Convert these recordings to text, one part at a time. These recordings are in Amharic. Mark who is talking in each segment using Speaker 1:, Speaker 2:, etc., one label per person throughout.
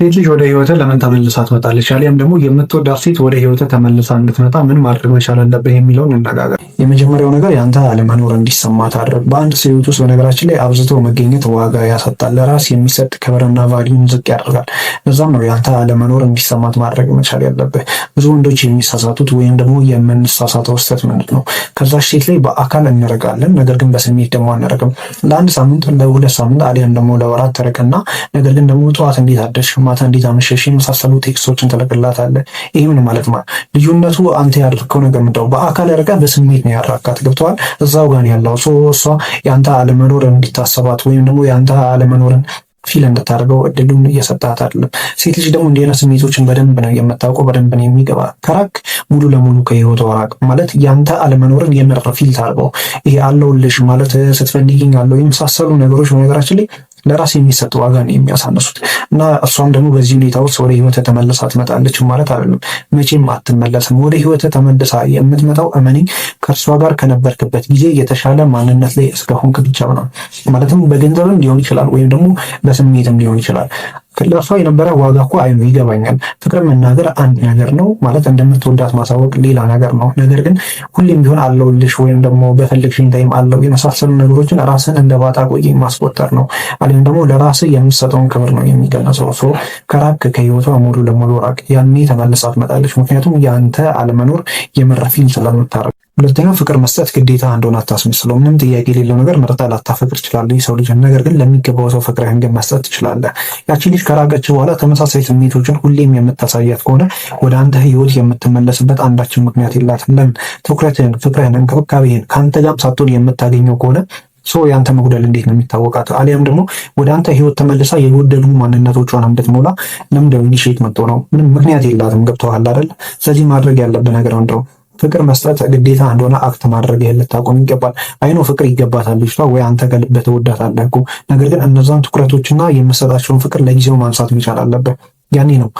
Speaker 1: ሴት ልጅ ወደ ህይወተ ለምን ተመልሳ ትመጣለች? አሊያም ደግሞ የምትወዳት ሴት ወደ ህይወተ ተመልሳ እንድትመጣ ምን ማድረግ መቻል አለብህ የሚለውን እንነጋገር። የመጀመሪያው ነገር የአንተ አለመኖር እንዲሰማ ታድርግ። በአንድ ሰው ህይወት ውስጥ በነገራችን ላይ አብዝቶ መገኘት ዋጋ ያሳጣል፣ ለራስ የሚሰጥ ክብርና ቫሊዩን ዝቅ ያደርጋል። ለዛም ነው የአንተ አለመኖር እንዲሰማት ማድረግ መቻል ያለብህ። ብዙ ወንዶች የሚሳሳቱት ወይም ደግሞ የምንሳሳተው ስህተት ምንድን ነው? ከዛች ሴት ላይ በአካል እንርቃለን፣ ነገር ግን በስሜት ደግሞ አንርቅም። ለአንድ ሳምንት፣ ለሁለት ሳምንት አሊያም ደግሞ ለወራት ትርቅና ነገር ግን ደግሞ ጠዋት እንዴት አደርሽ ማታ እንዴት አመሸሽ የመሳሰሉ ቴክስቶችን ትልክላታለህ። ይሄ ምን ማለት ነው? ልዩነቱ አንተ ያደረከው ነገር ምንድነው? በአካል ያደርጋ በስሜት ነው ያራካት። ገብተዋል። እዛው ጋር ያለው ሶ እሷ የአንተ አለመኖርን እንዲታሰባት ወይም ደግሞ የአንተ አለመኖርን ፊል እንድታደርገው እድሉን እየሰጣት አይደለም። ሴት ልጅ ደግሞ እንዲህ ስሜቶችን በደንብ ነው የምታውቀው፣ በደንብ ነው የሚገባ። ከራክ ሙሉ ለሙሉ ከህይወቷ ራቅ ማለት ያንተ አለመኖርን የምር ፊል ታደርገው። ይሄ አለሁልሽ ማለት ስትፈልጊኝ አለው የመሳሰሉ ነገሮች በነገራችን ላይ ለራስ የሚሰጥ ዋጋ ነው የሚያሳነሱት እና እሷም ደግሞ በዚህ ሁኔታ ውስጥ ወደ ህይወት ተመልሳ ትመጣለች ማለት አይደለም። መቼም አትመለስም። ወደ ህይወት ተመልሳ የምትመጣው እመኒ ከእርሷ ጋር ከነበርክበት ጊዜ የተሻለ ማንነት ላይ እስከሆንክ ብቻ ነው። ማለትም በገንዘብም ሊሆን ይችላል ወይም ደግሞ በስሜትም ሊሆን ይችላል። ለእሷ የነበረ ዋጋ እኮ አይኑ ይገባኛል። ፍቅር መናገር አንድ ነገር ነው ማለት እንደምትወዳት ማሳወቅ ሌላ ነገር ነው። ነገር ግን ሁሌም ቢሆን አለውልሽ ወይም ደግሞ በፈለግሽኝ ታይም አለው የመሳሰሉ ነገሮችን ራስን እንደ ባጣ ቆይ ማስቆጠር ነው። አሊም ደግሞ ለራስ የምትሰጠውን ክብር ነው የሚገነሰው። ሰው ከራክ ከህይወቷ ሙሉ ለሙሉ ራቅ። ያኔ ተመልሳ ትመጣለች። ምክንያቱም የአንተ አለመኖር የመረፊን ስለምታረግ ሁለተኛው ፍቅር መስጠት ግዴታ እንደሆነ አታስመስለው። ምንም ጥያቄ የሌለው ነገር መርጠህ ላታፈቅር ትችላለህ የሰው ልጅ። ነገር ግን ለሚገባው ሰው ፍቅርህን ግን መስጠት ትችላለህ። ያቺ ልጅ ከራቀች በኋላ ተመሳሳይ ስሜቶችን ሁሌም የምታሳያት ከሆነ ወደ አንተ ህይወት የምትመለስበት አንዳችን ምክንያት የላትም። ለምን ትኩረትህን፣ ፍቅርህን፣ እንክብካቤህን ከአንተ ጋርም ሳትሆን የምታገኘው ከሆነ ሰው የአንተ መጉደል እንዴት ነው የሚታወቃት? አሊያም ደግሞ ወደ አንተ ህይወት ተመልሳ የጎደሉ ማንነቶቿን እንድትሞላ ለምንድነው ኢኒሼት መጥቶ ነው? ምንም ምክንያት የላትም። ገብተዋል አይደል? ስለዚህ ማድረግ ያለብህ ነገር ምንድነው? ፍቅር መስጠት ግዴታ እንደሆነ አክት ማድረግ ልታቆም ይገባል። አይኖ ፍቅር ይገባታል ልጅቷ ወይ አንተ ከልብህ ትወዳታለህ እኮ ነገር ግን እነዛን ትኩረቶችና የምሰጣቸውን ፍቅር ለጊዜው ማንሳት መቻል አለብህ። ያኔ ነው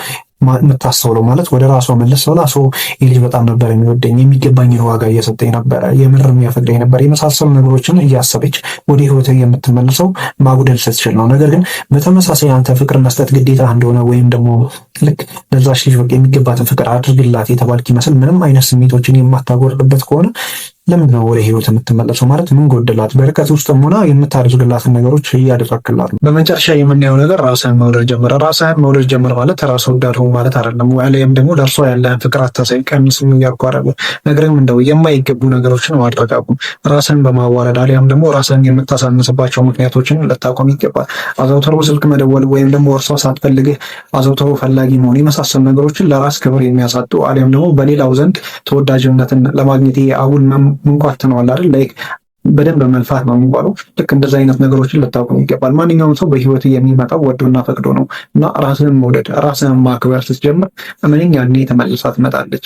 Speaker 1: የምታስተውለው ማለት ወደ ራሷ መለስ ብላ ሰው ይህ ልጅ በጣም ነበር የሚወደኝ የሚገባኝ ዋጋ እየሰጠኝ ነበረ፣ የምር የሚያፈቅደኝ ነበር የመሳሰሉ ነገሮችን እያሰበች ወደ ህይወት የምትመልሰው ማጉደል ስትችል ነው። ነገር ግን በተመሳሳይ አንተ ፍቅር መስጠት ግዴታ እንደሆነ ወይም ደግሞ ልክ ለዛች ልጅ በቃ የሚገባትን ፍቅር አድርግላት የተባልክ ይመስል ምንም አይነት ስሜቶችን የማታጎርድበት ከሆነ ለምንድነው ወደ ህይወት የምትመለሰው? ማለት ምን ጎደላት? በርቀት ውስጥም ሆና የምታደርግላትን ነገሮች እያደረግክላት ነው። በመጨረሻ የምናየው ነገር ራስህን መውደድ ጀምረ። ራስህን መውደድ ጀምረ ማለት ራስ ወዳድ ሆን ማለት አይደለም። ወይም ደግሞ ለእርሷ ያለህን ፍቅር አታሳይ፣ ቀንስ እያልኩ አይደለም። ነገርም እንደው የማይገቡ ነገሮችን ማድረግ አቁም። ራስህን በማዋረድ አሊያም ደግሞ ራስህን የምታሳንስባቸው ምክንያቶችን ልታቆም ይገባል። አዘውተሮ ስልክ መደወል ወይም ደግሞ እርሷ ሳትፈልግህ አዘውተሮ ፈላጊ መሆን የመሳሰሉ ነገሮችን ለራስ ክብር የሚያሳጡ አሊያም ደግሞ በሌላው ዘንድ ተወዳጅነትን ለማግኘት አሁን ምንኳት ነው አይደል ላይክ በደንብ መልፋት ነው የሚባለው። ልክ እንደዚ አይነት ነገሮችን ልታውቁ ይገባል። ማንኛውም ሰው በህይወት የሚመጣው ወዶና ፈቅዶ ነው እና ራስህን መውደድ ራስህን ማክበር ስትጀምር እምንኛ ያኔ ተመልሳ ትመጣለች።